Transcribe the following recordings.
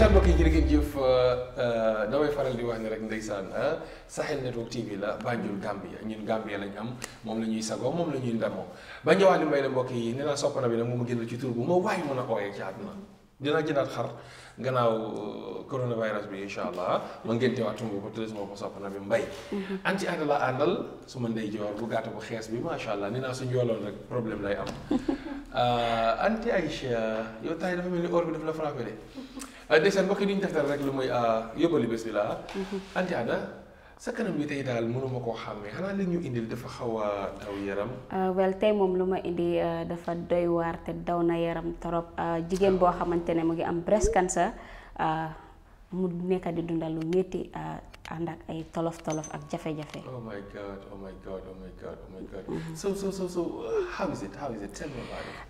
ndeysaan mbokk yi jërë ngeen jëf euh, euh, damay faral di wax ni rek ndeysaan ah, Sahel Network TV la Banjul Gambia ñun Gambia lañ am moom la ñuy sagoo moom la ñuy ndamoo ba ñëwaat mbay la mbokk yi nee naa soppana bi nag moom a génn ci tur bu ma waaye mën a ooyee ci àdduna dinaa jëndaat xar gannaaw euh, coronavirus bi incha allah ma ngénte waat tuma ko tëdd suma ko soppana bi mbay mm-hmm. anti àndal su ma ndey joor bu gàtt bu xees bi macha allah nee naa su yooloon rek problème lay am anti Aïcha yow tay dafa mel ni or bi daf la frappé de des sen bokki niñ taxtal rek lu muy yóbbali bés bi la anti ana sa kanam bi tey daal mënuma ko xàmmee xanaa li ñu indil dafa xaw a daw yaram ah, well tey moom lu ma indi ah, dafa doy waar te daw na yaram trop ah, jigéen boo xamante ne mu ngi am breast cancer mu nekk di dundal lu ñetti ànd ay tolof ak jafe-jafe. oh my god oh my god oh my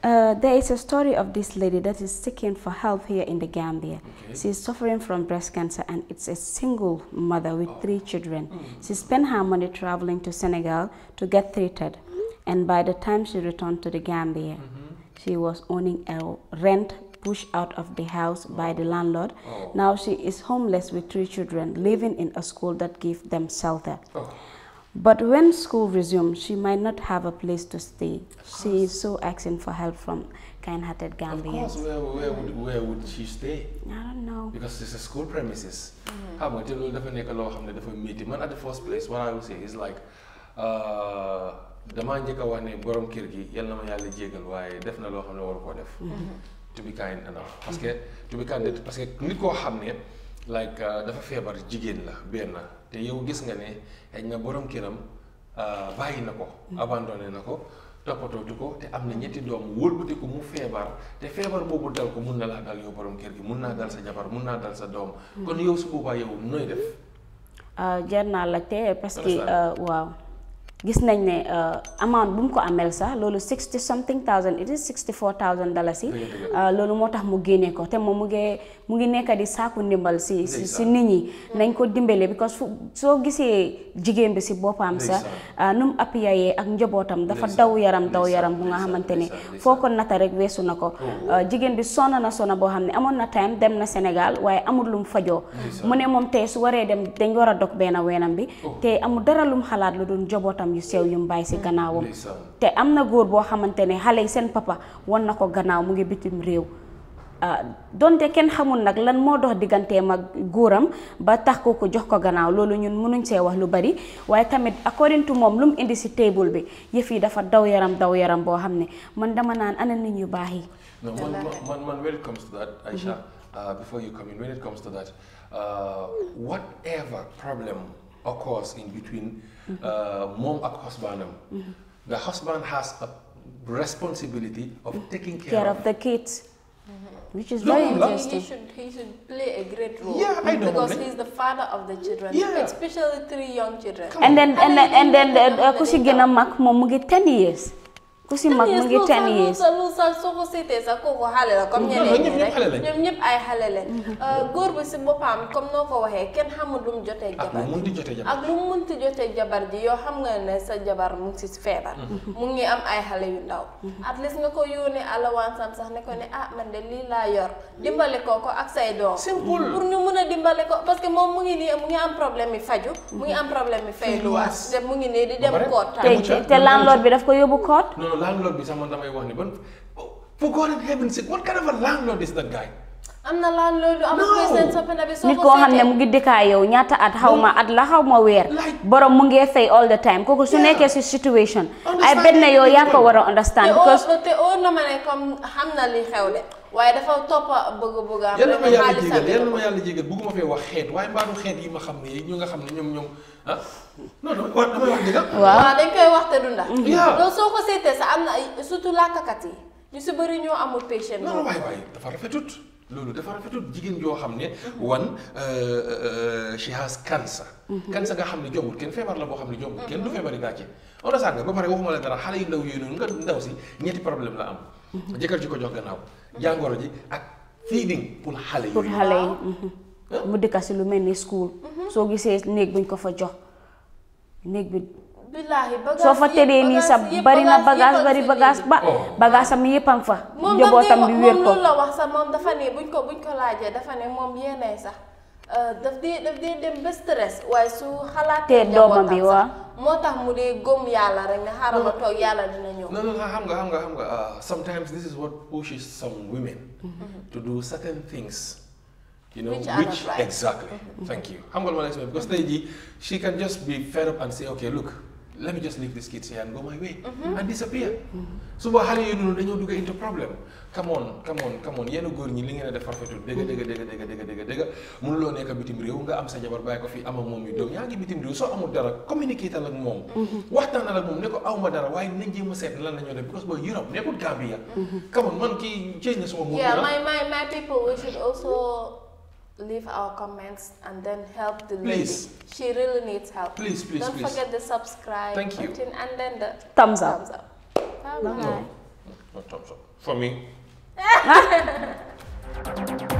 uh, there is a story of this lady that is seeking for help here in the Gambia. she is suffering from breast cancer and it's a single mother with three oh. children. Hmm. she spent her money traveling to Senegal to get treated, and by the time she returned to the Gambia, mm-hmm. she was owning a rent pushed out of the house by the landlord. Oh. Now she is homeless with three children living in a school that gives them shelter. Oh. But when school resumes, she might not have a place to stay. She is so asking for help from kind-hearted Gambians. Of course, where, where, would, where would she stay? I don't know. Because it's a school premises. Mm-hmm. How about you? Definitely, law hamne dafa meet man at the first place. What I would say is like. the uh, damaa njëkk a wax ne borom kër gi yal na ma yàlla jégal waaye def na loo xam ne waru koo to be kind enough parce que to be koo xam ne like euh, dafa feebar jigéen la benn te yow gis nga ne xëy na borom këram euh, bàyyi na ko mm. abandonné na ko toppatootu ko te am na ñetti doom wëlbati ko mu feebar te feebar boobu dal ko mun na laa dal yow borom kër gi mun naa dal sa jabar mun naa dal sa doom mm. kon yow su boobaa yow nooy def euh, jar naa la te parce waaw gis nañ ne euh, amount bu mu ko ameel sax loolu sixty something thousand it is sixty four thousand dalasi euh, loolu moo tax mu génnee ko te moom mu ngi mu ngi nekk di saaku ndimbal si si nit ñi nañ ko dimbalee because fu soo gisee jigéen bi si boppam sax euh, nu mu appuyee ak njabootam dafa daw yaram daw yaram bu nga xamante ne foo ko nata rek weesu na ko oh, oh. jigéen bi sona na sona boo xam ne amoon na time dem na senegal waaye amul lu mu fajoo mu ne moom tey su waree dem dañ war a dog benn weenam bi oh. te amul dara lu mu xalaat lu dul njabootam tànkam yu sew yu mu bàyyi si gannaawam te am na góor boo xamante ne xale yi seen papa wan na ko gannaaw mu ngi bitim réew ah, donte kenn xamul nag lan moo dox digganteem ak góoram ba tax ko ko jox ko gannaaw loolu ñun mënuñ see wax lu bari waaye tamit according moom lu mu indi si table bi yëf yi dafa daw yaram daw yaram boo xam ne man dama naan ana nit ñu baax yi. man man occurs in between mm-hmm. uh, mom and husband. Mm-hmm. The husband has a responsibility of mm-hmm. taking care, care of, of the kids which is very interesting. He should, he should play a great role. Yeah, I know. Because he's the father of the children, yeah. especially three young children. and then and, and, and then uh, Kushi Gena Mak Momugi ten years. ku si mag mu ngi ten years sa soo ko seetee sax kooku xale comme ñëpp ay xale lañ mm-hmm. euh, góor bi si boppam comme noo ko waxee kenn xamul lu mu jotee jabar ji ak lu mu munti jotee jabar ji yoo xam nga ne sa jabar mu ngi si feebar mm-hmm. mu ngi am ay xale yu ndaw mm-hmm. at least nga ko yónnee alawansam sax ne ko ne ah man de lii laa yor dimbale ko ko ak say doom pour ñu mun dimbale ko parce que moom mu ngi nii mu ngi am problème yi faju mu ngi am problème yi fay luwaas te mu ngi nii di dem koot te landlord bi daf ko yóbbu koot landlord bi sax man damay wax ni ban a landlord is that guy. na landlord am president soppana bi nit koo xam ne mu ngi dëkkaa yow ñaata at xaw ma at la xaw ma weer boroom mu ngee fay all the time kooku su nekkee si situation ay benn yow yaa ko war a understand because te ma ne comme xam na li xew de waaye dafa topp bëgg bëgg am yal na ma yàlla jégal yal ma yàlla fee wax xeet waaye mbaadu xeet yi ma xam ne ñu nga xam ne ñoom ñoom ah? ah. waaw dañ wax te dunda mm-hmm. loolu ñoo amul patience non waay dafa rafetut loolu dafa rafetut jigéen joo xam ne mm-hmm. wan euh, euh, she has cancer mm-hmm. xam ne jombul kenn feebar la boo xam ne jombul kenn du feebari gàcce on a sànga ba pare waxuma la dara xale yi ndaw yooyu noonu nga ndaw si ñetti problème la am jëkkër ji ko jox gannaaw jàngoro ji ak feeding pour xale yi. Mhm. mu dëkka si lu mel ni school. Mhm. soo gisee néeg buñ ko fa jox néeg bi. billaahi bagage soo fa tëddee nii sax bari na bagage bari bagage ba oh. bagage sam yëppam fa. njabootam bi wér ko moom la wax sax moom dafa ne buñ ko buñ ko laajee dafa ne moom yéenay sax. Eh, daf dee daf dee dem ba stress waaye su xalaatee doomam bi waaw moo tax mu dee gom yàlla rek ne xaaral ma toog yàlla dina ñëw. non non xam nga xam nga xam nga ah, sometimes this is what pushes some women. to do certain things. you know, which, exactly. Mm-hmm. Thank you. I'm going to explain because they, she can just be fed up and say, okay, look, let me just leave these kids here and go my way mm-hmm. and disappear mm-hmm. suba xale yooyu noonu dañoo dugg into problem on come on come on yenn góor a def rafetul yaa ngi bitim réew soo amul dara communiquer ak moom mm-hmm. waxtaanal ak moom ne ko awma dara waaye nañ jéem seet lan la ñoo def because booy Europe nekkul Gambia come on man kii change na suma moom yeah my my people we also leave our comments and then help the please. lady. She really needs help. Please, please, Don't please. forget the subscribe Thank you. button and then the thumbs up. Thumbs up. Bye -bye. No, no thumbs up. For me.